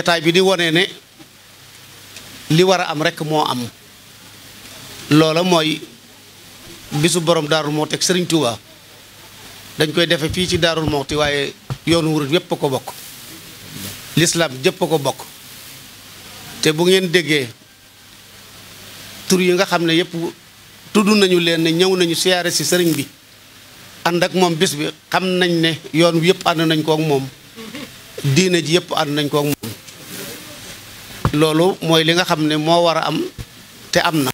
jataay bi di wone ne li war a am rek moo am loola mooy bisu boroom daarul moo teg sëriñ dañ koy defe fii ci daarul moxti waaye yoonu wurit yépp a ko bokk lislaam jëpp a ko bokk te bu ngeen déggee tur yi nga xam ne yépp tudd nañu leen ne ñëw nañu siyaare si sëriñ bi ànd ak moom bis bi xam nañ ne yoon wi yëpp ànd nañ ko moom diine ji yëpp ànd nañ ko moom loolu mooy li nga xam ne moo war a am te am na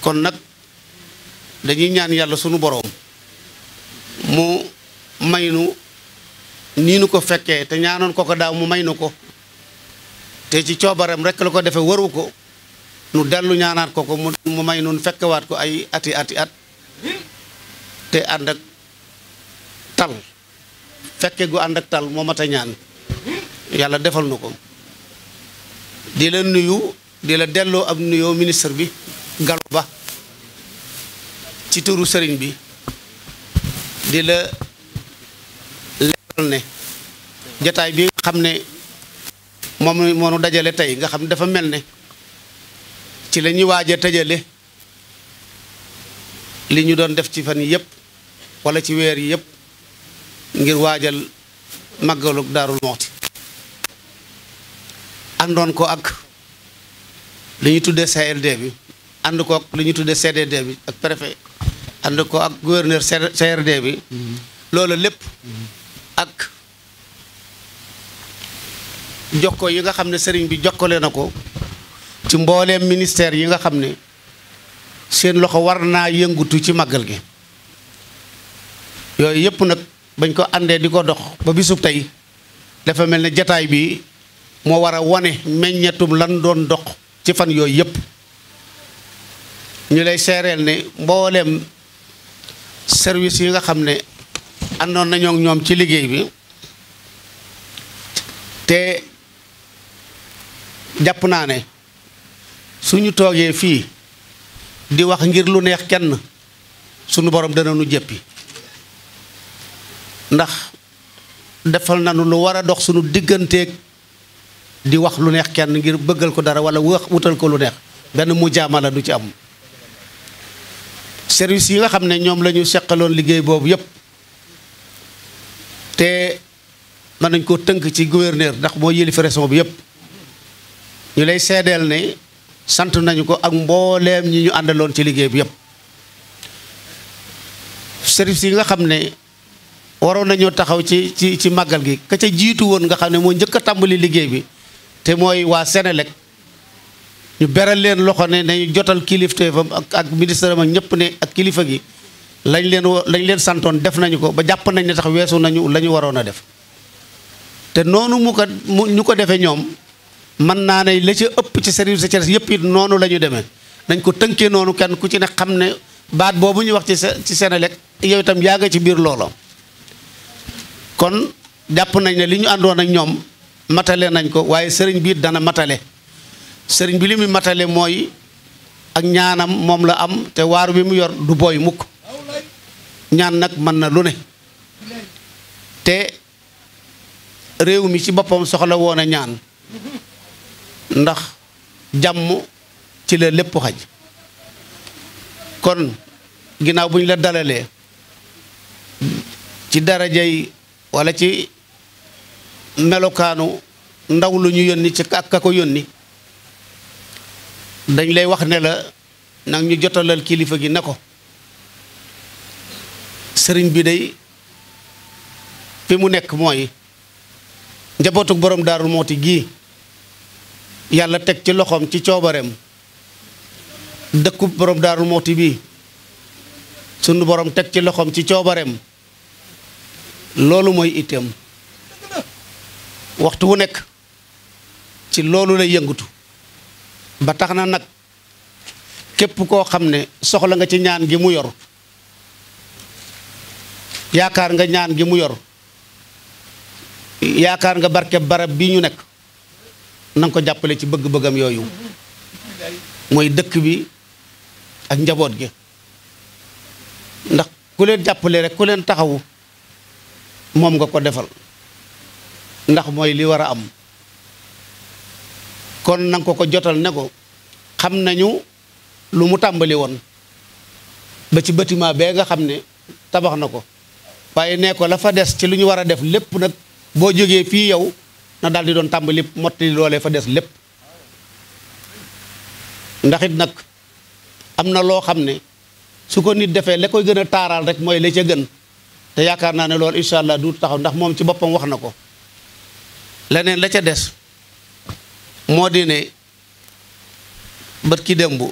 kon nag dañuy ñaan yàlla sunu boroom mu may nu nii nu ko fekkee te ñaanoon ko ko daaw mu may nu ko te ci coobareem rekk la ko defe waru ko nu dellu ñaanaat ko ko mu may nun fekkewaat ko ay ati ati at te ànd ak tal fekke gu ànd ak tal moo mat a ñaan yàlla defal nu ko di la nuyu di la delloo ab nuyoo ministre bi Gallo Ba ci turu sëriñ bi di la leeral ne jataay bi nga xam ne moom moo nu dajale tey nga xam ne dafa mel ne ci la ñuy waaj a tëjale li ñu doon def ci fan yi yépp wala ci weer yi yépp ngir waajal màggalug Daaru Muxti àndoon ko ak li ñu tuddee CLD bi ànd ko ak li ñu tuddee bi ak préfet ànd ko ak gouverneur CRD bi mm-hmm. loolu lépp ak jox ko yi nga xam ne sëriñ bi jokkale na ko ci mbooleem ministère yi nga xam ne seen loxo war naa yëngutu ci màggal gi yooyu yëpp nag bañ ko àndee di ko dox ba bisub tey dafa mel ne jataay bi moo war a wone meññetum lan doon dox ci fan yooyu yépp ñu lay seereel ne mbooleem service yi nga xam ne àndoon nañoo ñoom ci liggéey bi te jàpp naa ne suñu toogee fii di wax ngir lu neex kenn sunu borom dana nu jëppi ndax defal nañu lu war a dox suñu digganteek di wax lu neex kenn ngir bëggal ko dara wala wax wutal ko lu neex benn mu jaamala du ci am service yi nga xam ne ñoom la seqaloon liggéey boobu yépp te mën nañ ko tënk ci gouverneur ndax moo yëli région bi yépp ñu lay ne sant nañu ko ak mbooleem ñi ñu àndaloon ci liggéey bi yépp service yi nga xam ne waroon nañoo taxaw ci ci ci màggal gi ka ca jiitu woon nga xam ne moo njëkk a tàmbali liggéey bi te mooy waa Sénélec ñu beral leen loxo ne nañu jotal kilifteefam ak ak ministre am ak ñëpp ne ak kilifa gi lañ leen lañ leen santoon def nañu ko ba jàpp nañ ne tax weesu nañu la ñu waroon a def te noonu mu ko mu ñu ko defee ñoom mën naa ne li ci ëpp ci service de yëpp it noonu la ñu demee nañ ko tënkee noonu kenn ku ci ne xam ne baat boobu ñu wax ci ci Senelec yow itam yaa nga ci biir loolo kon jàpp nañ ne li ñu àndoon ak ñoom matale nañ ko waaye sëriñ bi dana matale sëriñ bi li muy matale mooy ak ñaanam moom la am te waar bi mu yor du booy mukk ñaan nag mën na lu ne te réew mi ci boppam soxla woon ñaan ndax jàmm ci la lépp xaj kon ginnaaw bu ñu la dalalee ci darajay walla ci melokaanu ndaw lu ñu yónni ci ak ka ko yónni dañ lay wax ne la ñu jotalal kilifa gi ne ko sëriñ bi day fi mu nekk mooy njabootuk boroom daarul mooti gii yàlla teg ci loxoom ci coobareem dëkkub boroom daarul mooti bii sunu boroom teg ci loxoom ci coobareem loolu mooy itam waxtu wu nekk ci loolu lay yëngatu ba tax na nag képp koo xam ne soxla nga ci ñaan gi mu yor yaakaar nga ñaan gi mu yor yaakaar nga barke barab bi ñu nekk nanga ko jàppale ci bëgg-bëggam yooyu mooy dëkk bi ak njaboot gi ndax ku leen jàppale rek ku leen taxawu moom nga ko defal ndax mooy li war a am kon nanga ko ko jotal ne ko xam nañu lu mu tàmbali woon ba ci bâtiment bee nga xam ne tabax na ko waaye nee ko la fa des ci lu ñu war a def lépp nag boo jógee fii yow na daal di doon tàmbali mottali loolee fa des lépp ndax it nag am na loo xam ne su ko nit defee la koy gën a taaraal rek mooy la ca gën te yaakaar naa ne loolu incha allah du taxaw ndax moom ci boppam wax na ko leneen la ca des moo di ne bët ki démb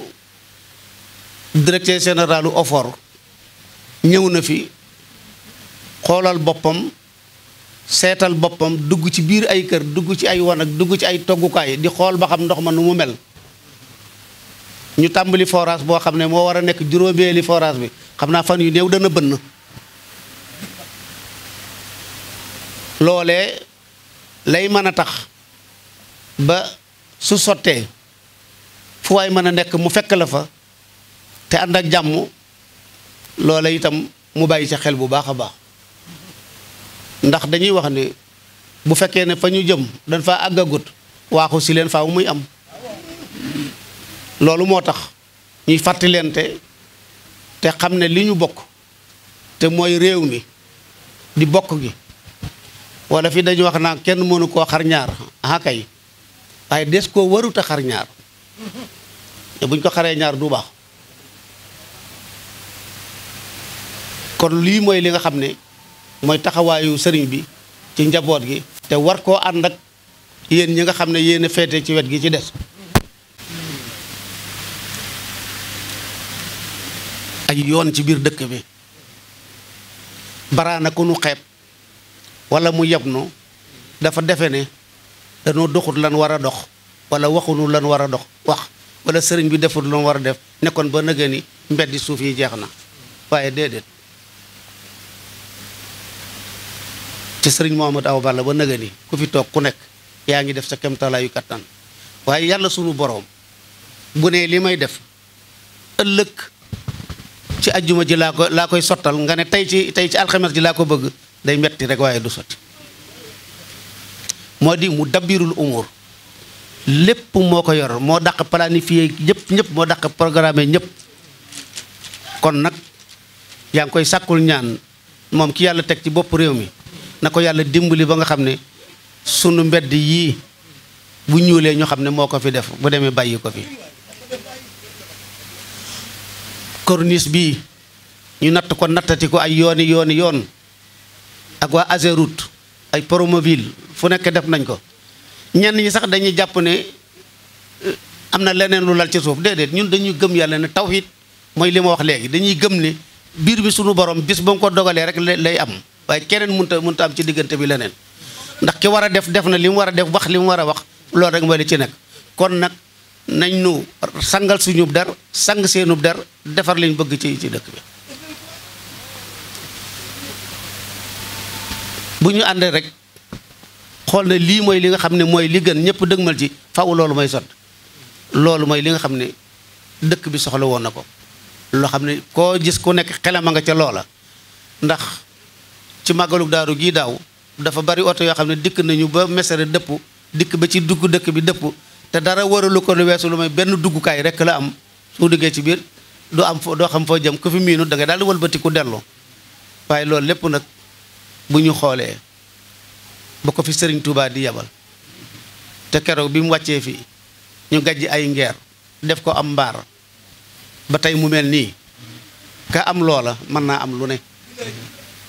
directeur général u OFOR ñëw na fi xoolal boppam seetal boppam dugg ci biir ay kër dugg ci ay wanag dugg ci ay toggukaay di xool ba xam ndox ma nu mu mel ñu tàmbali forage boo xam ne moo war a nekk juróomeeli forage bi xam naa fan yu néew dana bënn loolee lay mën a tax ba su sottee fu waay mën a nekk mu fekk la fa te ànd ak jàmm loola itam mu bàyyi ci xel bu baax a baax ndax dañuy wax ni bu fekkee ne fa ñu jëm dañ fa àggagut waaxu si leen faaw muy am loolu moo tax ñuy fàttalente te xam ne li ñu bokk te mooy réew mi di bokk gi wala fi dañu wax naa kenn mënu koo xarñaar ñaar ah kay waaye des koo warut a te buñ ko xaree ñaar du baax kon lii mooy li nga xam ne mooy taxawaayu sëriñ bi ci njaboot gi te war koo ànd ak yéen ñi nga xam ne yéen feete ci wet gi ci des ay yoon ci biir dëkk bi baraana ku nu xeeb wala mu yab nu dafa defe ne danoo doxut lan war a dox wala waxunu lan war a dox wax wala sëriñ bi defut lan war a def nekkoon ba nëgë ni suuf yi jeex na waaye déedéet ci sëriñ Mouhamed Awa Balla ba nëgë ni ku fi toog ku nekk yaa ngi def sa kemtalaayu kattan waaye yàlla sunu boroom bu nee li may def ëllëg ci ajjuma ji laa ko laa koy sottal nga ne tey ci tey ci alxames ji laa ko bëgg day metti rek waaye du soti moo di mu dabbirul umur lépp moo ko yor moo dàq planifié ñëpp ñëpp moo daq programme ñëpp kon nag yaa ngi koy sàkkul ñaan moom ki yàlla teg ci bopp réew mi na ko yàlla dimbali ba nga xam ne sunu mbedd yii bu ñuulee ñu xam ne moo ko fi def bu demee bàyyi ko fi korniis bi ñu natt ko nattati ko ay yooni yooni yoon ak waa Ageroute ay Promoville fu nekk def nañ ko ñenn ñi sax dañuy jàpp ne eh, am na leneen lu lal ci suuf déedéet ñun dañuy gëm yàlla ne tawhid mooy li ma wax léegi dañuy gëm ne biir bi suñu borom bis ba mu ko dogalee rek lay am waaye keneen mënta mënta am ci diggante bi leneen ndax ki war a def def na li mu war a def wax li mu war a wax loolu rek mooy li ci nekk kon nag nañ nu sangal suñu dar sang seenub dar defar liñ bëgg ci ci dëkk bi bu ñu àndee rek xool na lii mooy li nga xam ne mooy li gën ñëpp dëgmal ci faw loolu mooy sot loolu mooy li nga xam ne dëkk bi soxla woon na ko loo xam ne koo gis ku nekk xelam a nga ca loola ndax ci màggalug daaru gii daaw dafa bari oto yoo xam ne dikk nañu ba mesere dëpp dikk ba ci dugg dëkk bi dëpp te dara waralu ko lu weesu lu may benn duggukaay rek la am soo duggee ci biir doo am foo doo xam foo jëm ku fi miinu da nga daal di walbatiku dellu waaye loolu lépp nag bu ñu xoolee ba ko fi sëriñ Touba di yabal te keroog bi mu wàccee fii ñu gajj ay ngeer def ko am mbaar ba tey mu mel nii ka am loola mën naa am lu ne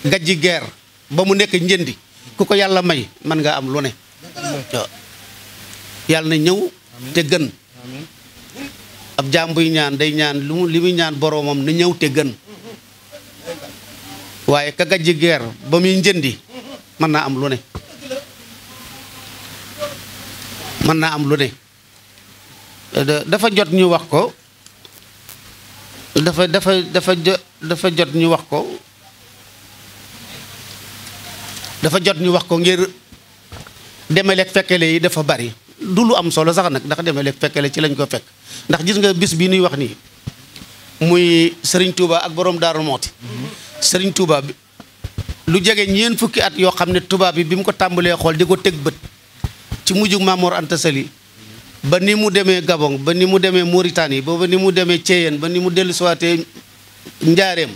gàjji geer ba mu nekk njëndi ku ko yàlla may mën nga am lu ne yàlla na ñëw te gën ab jaam buy ñaan day ñaan lu li muy ñaan boroomam na ñëw te gën waaye ka gàjji geer ba muy njëndi mën naa am lu ne mën naa am lu ne dafa jot ñu wax ko dafa dafa dafa dafa jot ñu wax ko dafa jot ñu wax ko ngir demeleeg fekkele yi dafa bari du lu am solo sax nag ndax demeleeg fekkele ci lañ ko fekk ndax gis nga bis bi nuy wax nii muy sëriñ tuubaa ak boroom Daaru Mooti sëriñ Touba bi lu jege ñeen fukki at yoo xam ne tubaab bi bi mu ko tàmbalee xool di ko teg bët ci mujjug Mamor Anta ba ni mu demee Gabon ba ni mu demee Mauritanie ba ni mu demee Thiéyène ba ni mu dellu siwaatee Njaareem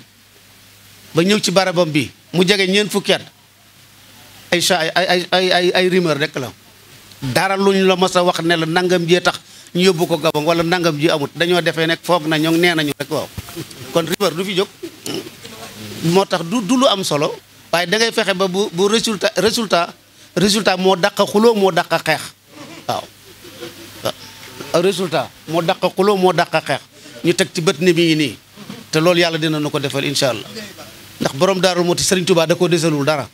ba ñëw ci barabam bi mu jege ñeen fukki at ay ay ay ay ay rumeur rek la dara luñ la mas a wax ne la nangam jee tax ñu yóbbu ko Gabon wala nangam ji amut dañoo defee nekk foog na ñoo nee nañu rek waaw kon rumeur moo tax du du lu am solo waaye dangay fexe ba bu bu résultat résultat résultat moo dàq xuloo moo dàq xeex waaw résultat moo dàq xuloo moo daq xeex ñu teg ci bët ni bi ngi nii te loolu yàlla dina nu ko defal incha allah ndax borom daarul moo ti Sëriñ Tuubaa da koo desalul dara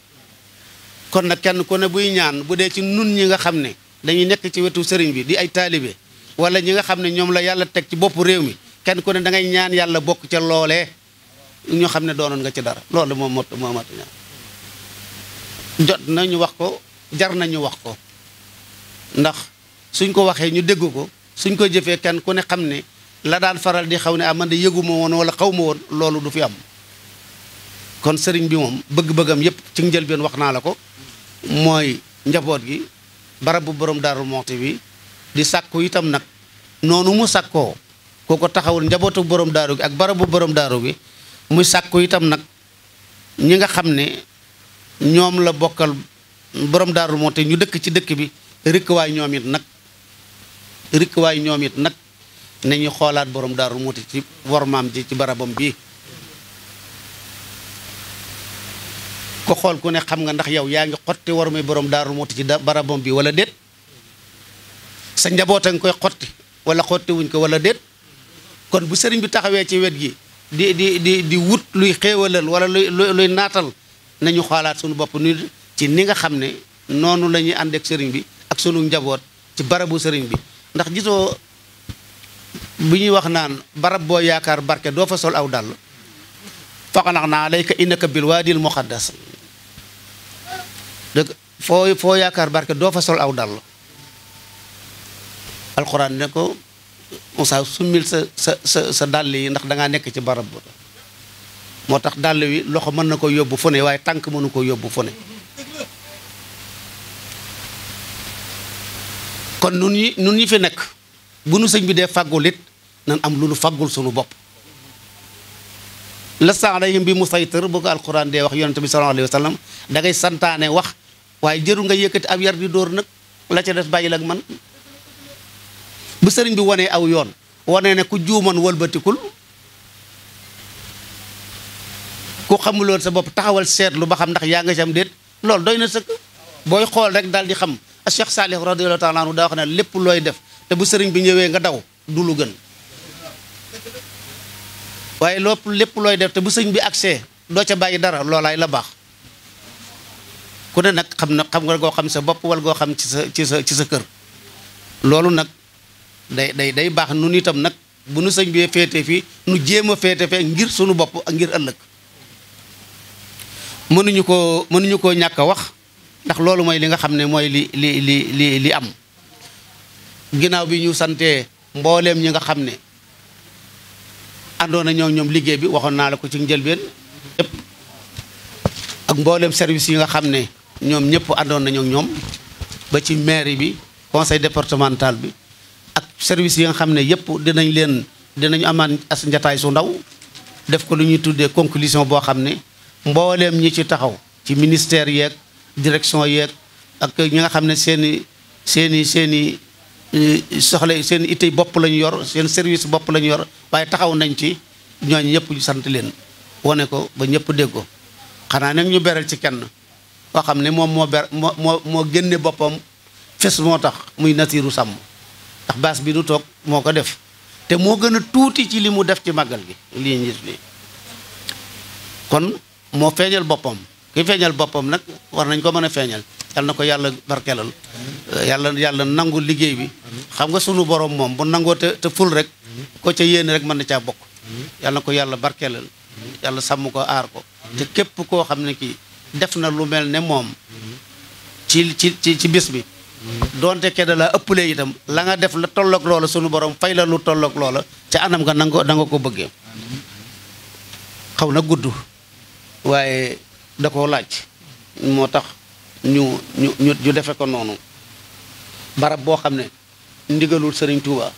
kon na kenn ku ne buy ñaan bu dee ci nun ñi nga xam ne dañuy nekk ci wetu sëriñ bi di ay taalibe wala ñi nga xam ne ñoom la yàlla teg ci bopp réew mi kenn ku ne da ngay ñaan yàlla bokk ca loolee ñu xam ne doonoon nga ci dara loolu moom mot moo matu ñaan jot na ñu wax ko jar nañu wax ko ndax suñ ko waxee ñu dégg ko suñ ko jëfee kenn ku ne xam ne la daan faral di xaw ne ah man de yëguma woon wala xaw ma woon loolu du fi am kon sëriñ bi moom bëgg-bëggam yépp ci njëlbeen wax naa la ko mooy njaboot gi barab bu borom Daaru Muxti bi di sàkku itam nag noonu mu sàkkoo koo ko taxawul njabootu borom daaru gi ak barab bu borom daaru gi muy sàkku itam nag ñi nga xam ne ñoom la bokkal boroom daarul moo te ñu dëkk ci dëkk bi rikkuwaay ñoom it nag rikkuwaay ñoom it nag nañu xoolaat boroom daaru moo te ci wormaam ji ci barabom bi ko xool ku ne xam nga ndax yow yaa ngi xotti wormay borom daaru moo te ci barabam bi wala déet sa njaboot a nga koy xotti wala xotti ko wala déet kon bu sëriñ bi taxawee ci wet gi di di di wut luy xéewalal wala luy naatal nañu xoolaat sunu bopp ni ci ni nga xam ne noonu la ñuy ànd sëriñ bi ak sunu njaboot ci barabu sëriñ bi ndax gisoo bu ñuy wax naan barab boo yaakaar barke doo fa sol aw dàll faqanax naa alayka innaka bil waadil muqaddas dëgg foo foo yaakaar barke doo fa sol aw dàll alquran ne ko Moussa summil sa sa sa sa dàll yi ndax dangaa nekk ci barab moo tax dàll yi loxo mën na ko yóbbu fu ne waaye tànk mënu ko yóbbu fu ne kon nun ñi nun ñi fi nekk bu nu sëñ bi dee fàggul it nan am lu nu fàggul sunu bopp lasta alayhim bi musaytir bu ko alquran dee wax yonente bi sallallahu alayhi wax waaye jëru nga yëkkati ab yar di dóor nag la ca des bàyyi lak man bu sëriñ bi wanee aw yoon wane ne ku juumoon wëlbatikul ku xamuloon sa bopp taxawal seetlu ba xam ndax yaa nga ci am déet loolu doy na sëkk booy xool rek daal di xam Cheikh Saalih radiyallahu taala anhu daa wax ne lépp looy def te bu sëriñ bi ñëwee nga daw du lu waaye lépp lépp looy def te bu sëriñ bi agsee doo ca bàyyi dara loolaay la baax ku ne nag xam na xam nga goo xam sa bopp wala goo xam ci sa ci sa ci sa kër loolu nag day day day baax nun itam nag bu nu sëñ bi féete fii nu jéem a féete fee ngir sunu bopp ak ngir ëllëg mënuñu koo mënuñu koo ñàkk a wax ndax loolu mooy li nga xam ne mooy li li li li li am ginnaaw bi ñu sante mbooleem ñi nga xam ne àndoon na ñoom ñoom liggéey bi waxoon naa la ko ci njëlbeen yëpp ak mbooleem service yi nga xam ne ñoom ñëpp àndoon nañu ñoom ba ci mairie bi conseil départemental bi service yi nga xam ne yëpp dinañ leen dinañu amaan as njataay su ndaw def ko lu ñuy tuddee conclusion boo xam ne mbooleem ñi ci taxaw ci ministère yeeg direction yeeg ak ñi nga xam ne seeni i seen i seen eh, i soxla seen ittey bopp lañu yor seen service bopp lañu yor waaye taxaw nañ ci ñooñ ñëpp ñu sant leen wane ko ba ñëpp dégg ko xanaa nag ñu beral ci kenn koo xam ne moom moo ber moo moo génne boppam fes moo tax muy natiiru sàmm ndax baas bi nu toog moo ko def te moo gën a tuuti ci li mu def ci màggal gi lii nit li kon moo feeñal boppam ki feeñal boppam nag war nañ ko mën a feeñal yal na ko yàlla barkelal yàlla yàlla nangu liggéey bi xam nga sunu borom moom bu nangoo te te rek ko ca rek mën na caa bokk ko yàlla barkeelal yàlla sàmm ko aar ko te képp koo xam ne kii def na lu mel ne moom ci ci ci bis bi doonte kedda laa ëppalee itam la nga def la tolloog loola sunu borom fay la lu tolloog loola ca anam nga nanga nga ko bëggee xaw na gudd waaye da koo laaj moo tax ñu ñu ñu defe ko noonu barab boo xam ne ndigalul sëriñ tuuba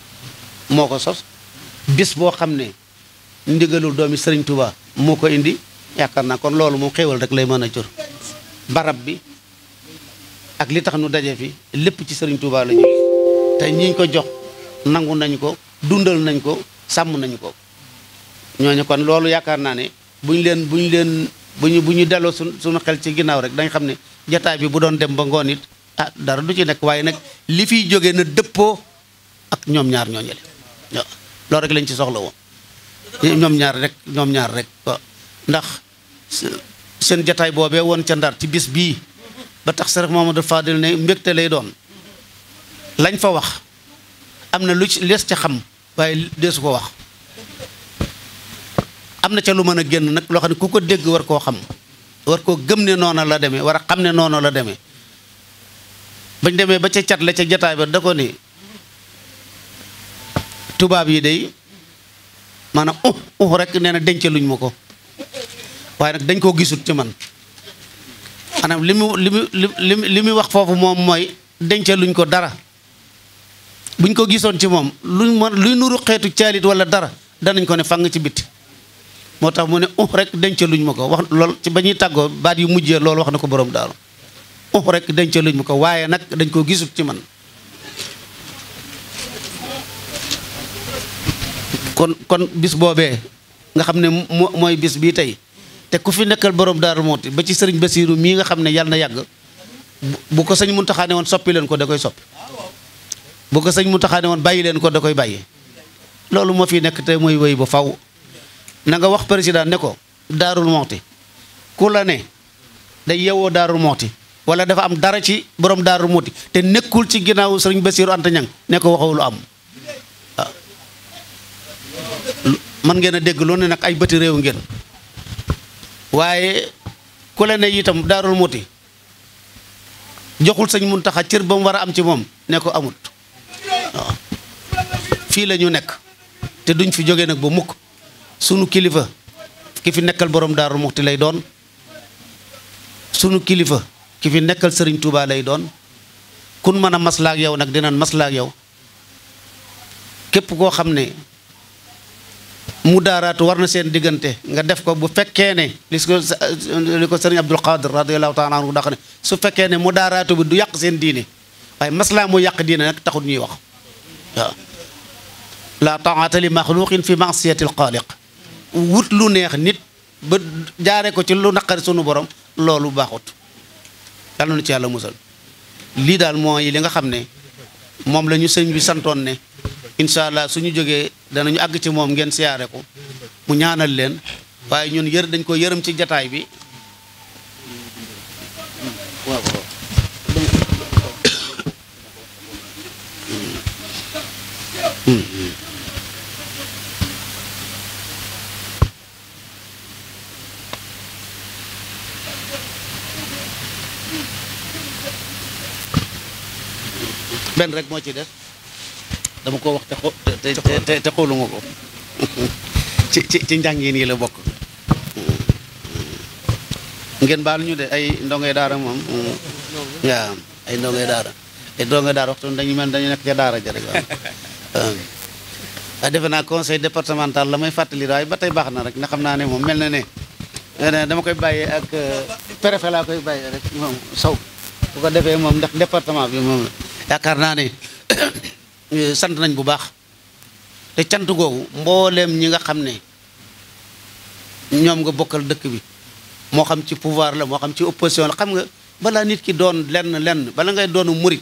moo ko sos bis boo xam ne ndigalul doomi sëriñ Touba moo ko indi yaakaar naa kon loolu moom xéewal rek lay mën a jur barab bi ak li tax nu daje fi lépp ci sëriñ Touba la ñu te ñiñ ko jox nangu nañ ko dundal nañ ko sàmm nañ ko ñooñu kon loolu yaakaar naa ne bu ñu leen bu ñu leen bu ñu bu delloo su suñu xel ci ginnaaw rek dañ xam ne jataay bi bu doon dem ba ngoon it ah dara du ci nekk waaye nag li fiy jógee na dëppoo ak ñoom ñaar ñooñu la loolu rek lañ ci soxla woon ñoom ñaar rek ñoom ñaar rek ndax seen jataay boobee woon ca ndar ci bis bii ba tax Cheikh Mamadou Fadil ne mbégte lay doon lañ fa wax am na lu ci lees ca xam waaye deesu ko wax am na ca lu mën a génn nag loo xam ne ku ko dégg war koo xam war koo gëm ne noona la demee war a ne noona la demee bañ demee ba ca cat la ca jataay ba da ko ni tubaab yi day maanaam uh uh rek nee na dence luñ ma ko waaye nag dañ koo gisut ci man maanaam li mu li mu li li muy wax foofu moom mooy denca luñ ko dara buñ ko gisoon ci moom luñ mën luy nuru xeetu caalit wala dara danañ ko ne fang ci biti moo tax mu ne uh rek denca luñ ma ko lool ci ba ñuy tàggoo baat yu mujjee loolu na ko borom daaru uh rek denca luñ ma ko waaye nag dañ ko gisut ci man kon kon bis boobee nga xam ne mooy bis bii tey te ku fi nekkal borom daarul mooti ba ci sëriñ Basiiru mii nga xam ne yàlla na yàgg bu ko sëñ Muntaxa ne woon soppi leen ko da koy soppi bu ko sëñ Muntaxa ne woon bàyyi leen ko da koy bàyyi loolu moo fi nekk te mooy wéy ba faw na nga wax président ne ko daarul mooti ku la ne day yewoo daarul mooti wala dafa am dara ci borom daarul mooti te nekkul ci ginnaaw sëriñ Basiiru Anta Ñang ne ko waxawul am ah. man ngeen a dégg loolu ne nag ay bëti réew ngeen waaye ku la ne itam daarul muti joxul sëñ Muntaxa cër ba mu war a am ci moom ne ko amut fii la ñu nekk te duñ fi jóge nag ba mukk sunu kilifa ki fi nekkal borom daarul muxti lay doon sunu kilifa ki fi nekkal sëriñ Touba lay doon kun mën a maslaak yow nag dinañ maslaak yow képp koo xam ne mu daaraatu war na seen diggante nga def ko bu fekkee ne li ko li ko sëriñ Abdul Qadir radiyallahu taala anhu dax ne su fekkee ne mu daaraatu bi du yàq seen diine waaye maslaa mu yàq diine nag taxut ñuy wax waaw la taata li maxluqin fi maasiyati alxaaliq wut lu neex nit ba jaare ko ci lu naqari sunu borom loolu baaxut yàlla na ci yàlla musal lii daal mooy li nga xam ne moom la ñu sëñ bi santoon ne incha allah suñu jógee danañu àgg ci moom ngeen siyaare ko mu ñaanal leen waaye ñun yër dañ ko yërëm ci jataay bi waaw benn rek moo ci def dama ko wax te xo te te xooluma ko ci ci ci njàngin yi la bokk ngeen baal ñu de ay ndongoy daara moom mm. waaw ay ndongoy daara ay ndongoy daara waxtu dañu mel dañu nekk ca daara ja rek waaw ah, defe naa conseil départemental la may fàttali waaye ba tey baax na rek na xam naa ne moom mel na ne dama koy bàyyee ak euh, préfet laa koy bàyyee rek moom saw bu ko defee moom ndax département bi moom yaakaar naa ne Euh, sant nañ bu baax te cant googu mbooleem ñi nga xam ne ñoom nga bokkal dëkk bi moo xam ci pouvoir la moo xam ci opposition la xam nga balaa nit ki doon lenn lenn bala ngay doonu murit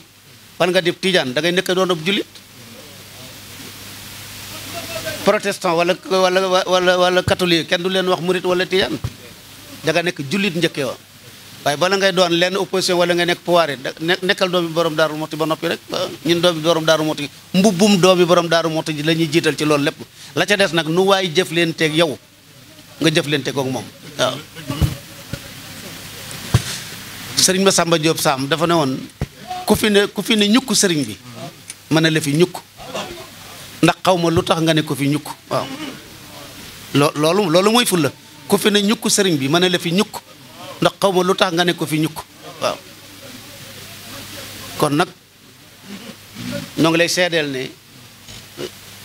bala nga def tijaan da ngay nekk doon ab jullit protestant wala wala wala wala catholique kenn du leen wax murit wala tijaan danga nekk jullit njëkkee woon waaye bala ngay doon lenn opposition wala nga nekk pouvoir nekkal doomi borom daaru moti ba noppi rek ñun doomi borom daaru moti mbubbum doomi borom daaru moti ji la ñuy jiital ci loolu lépp la ca des nag nu waay jëf leen teeg yow nga jëf leen teeg ak moom sëriñ ma sàmba Diop Sam dafa ne woon ku fi ne ñukk sëriñ bi mën a la fi xaw ma lu tax nga ne ko fi ñukk waaw loolu loolu mooy fulla ku fi ñukk sëriñ bi mën a la fi ñukk ndax xaw ma lu tax nga ne ko fi ñukk waaw kon nag ñoo ngi lay seedeel ne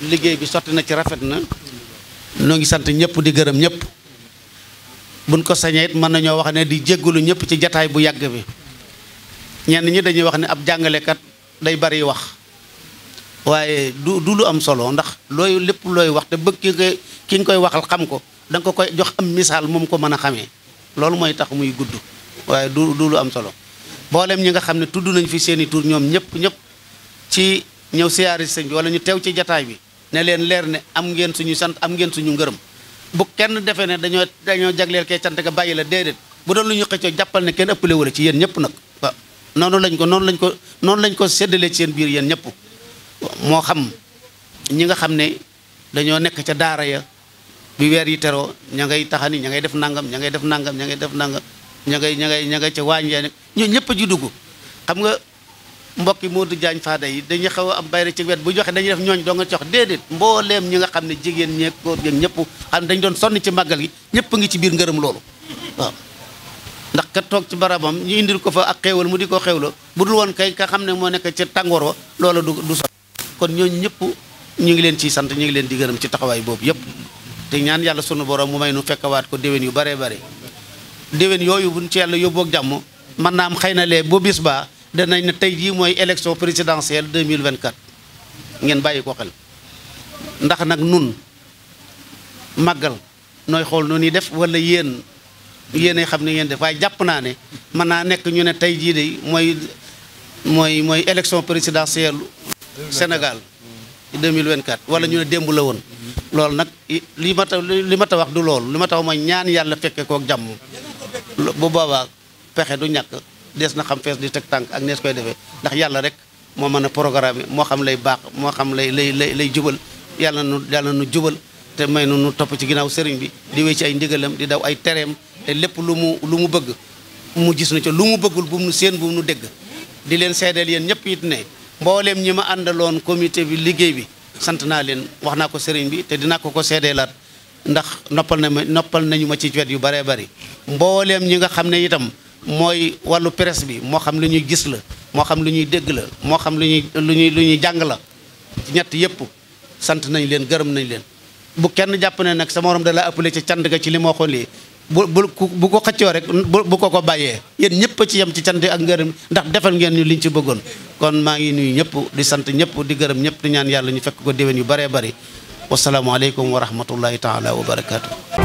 liggéey bi sotti na ci rafet na ñoo ngi sant ñëpp di gërëm ñëpp buñ ko sañee it mën nañoo wax ne di jéggalu ñëpp ci jataay bu yàgg bi ñenn ñi dañuy wax ne ab jàngalekat day bari wax waaye du du lu am solo ndax looyu lépp looy wax te bëgg ki nga koy waxal xam ko da ko koy jox am misaal moom ko mën a xamee loolu mooy tax muy gudd waaye du du lu am solo mboolem ñi nga xam ne tudd nañ fi seeni tuur ñoom ñëpp ñëpp ci ñëw siyaari sëñ bi wala ñu teew ci jataay bi ne leen leer ne am ngeen suñu sant am ngeen suñu ngërëm bu kenn defee ne dañoo dañoo jagleel kee cant bàyyi la déedéet bu doon lu ñu xëccoo jàppal ne kenn ëppale wala ci yéen ñëpp nag waaw noonu lañ ko noonu lañu ko noonu lañ ko séddalee ci seen biir yéen ñëpp moo xam ñi nga xam ne dañoo nekk ca daara ya bi weer yi teroo ña ngay taxani ña ngay def nangam ña ngay def nangam ña ngay def nangam ña ngay ña ngay ña ngay ca waañ yee ñoo ñëpp a ji dugg xam nga mbokki Modou Diagne Fada yi dañuy xaw a am bayre ci wet bu joxe dañuy def ñooñ doo nga jox déedéet mbooleem ñi nga xam ne jigéen ñeeg koo ñeeg ñëpp xam dañ doon sonn ci màggal gi ñëpp ngi ci biir ngërëm loolu waaw ndax toog ci barabam ñu indil ko fa ak xéewal mu di ko xéewla bu dul woon kay ka xam ne moo nekk ci tàngoor loolu du du son kon ñooñu ñëpp ñu ngi leen ciy sant ñu ngi leen di gërëm ci taxawaay boobu yëpp te ñaan yàlla sunu borom mu may nu waat ko déwén yu baree bëri déwén yooyu buñ ci yàlla ak jàmm man naa am xëy na lee bu bis baa danañ ne tey jii mooy élection présidentielle 2024 ngeen bàyyi ko xel ndax nag nun màggal nooy xool nu ñuy def wala yéen yéenay xam ne ngeen def waaye jàpp naa ne mën naa nekk ñu ne tey jii de mooy mooy mooy élection présidentielle Sénégal 2024 mm. wala ñu ne démb la woon loolu nag li ma ta li ma ta wax du loolu li ma taw ma ñaan yàlla fekke kook jàmm bu boobaa pexe du ñàkk des na xam fees di teg tànk ak nees koy defee ndax yàlla rek moo mën a programme moo xam lay baax moo xam lay lay lay lay jubal yàlla nu yàlla nu jubal te may nu nu topp ci ginnaaw sëriñ bi di wéy ci ay ndigalam di daw ay tereem te lépp lu mu lu mu bëgg mu gis na ci lu mu bëggul bu mu seen bu mu dégg di leen seddal yéen ñëpp it ne mbooleem ñi ma àndaloon comité bi liggéey bi sant naa leen wax naa ko sëriñ bi te dina ko ko seedeelaat ndax noppal na ma noppal nañu ma ci wet yu bëree bëri mbooleem ñi nga xam ne itam mooy wàllu presse bi moo xam lu ñuy gis la moo xam lu ñuy dégg la moo xam lu ñuy lu ñuy lu ñuy jàng la ñett yëpp sant nañ leen gërëm nañ leen bu kenn jàpp ne nag sa morom da laa ëppale ci cant ga ci li ma waxoon lii bu bu bu ko xëccoo rek bu ko ko bàyyee yéen ñëpp a ci yem ci cant ak ngërëm ndax defal ngeen ñu liñ ci bëggoon kon maa ngi nuyu ñëpp di sant ñëpp di gërëm ñëpp di ñaan yàlla ñu fekk ko déwén yu bëree bëri wasalaamualeykum wa rahmatullahi taala wa barakaatu.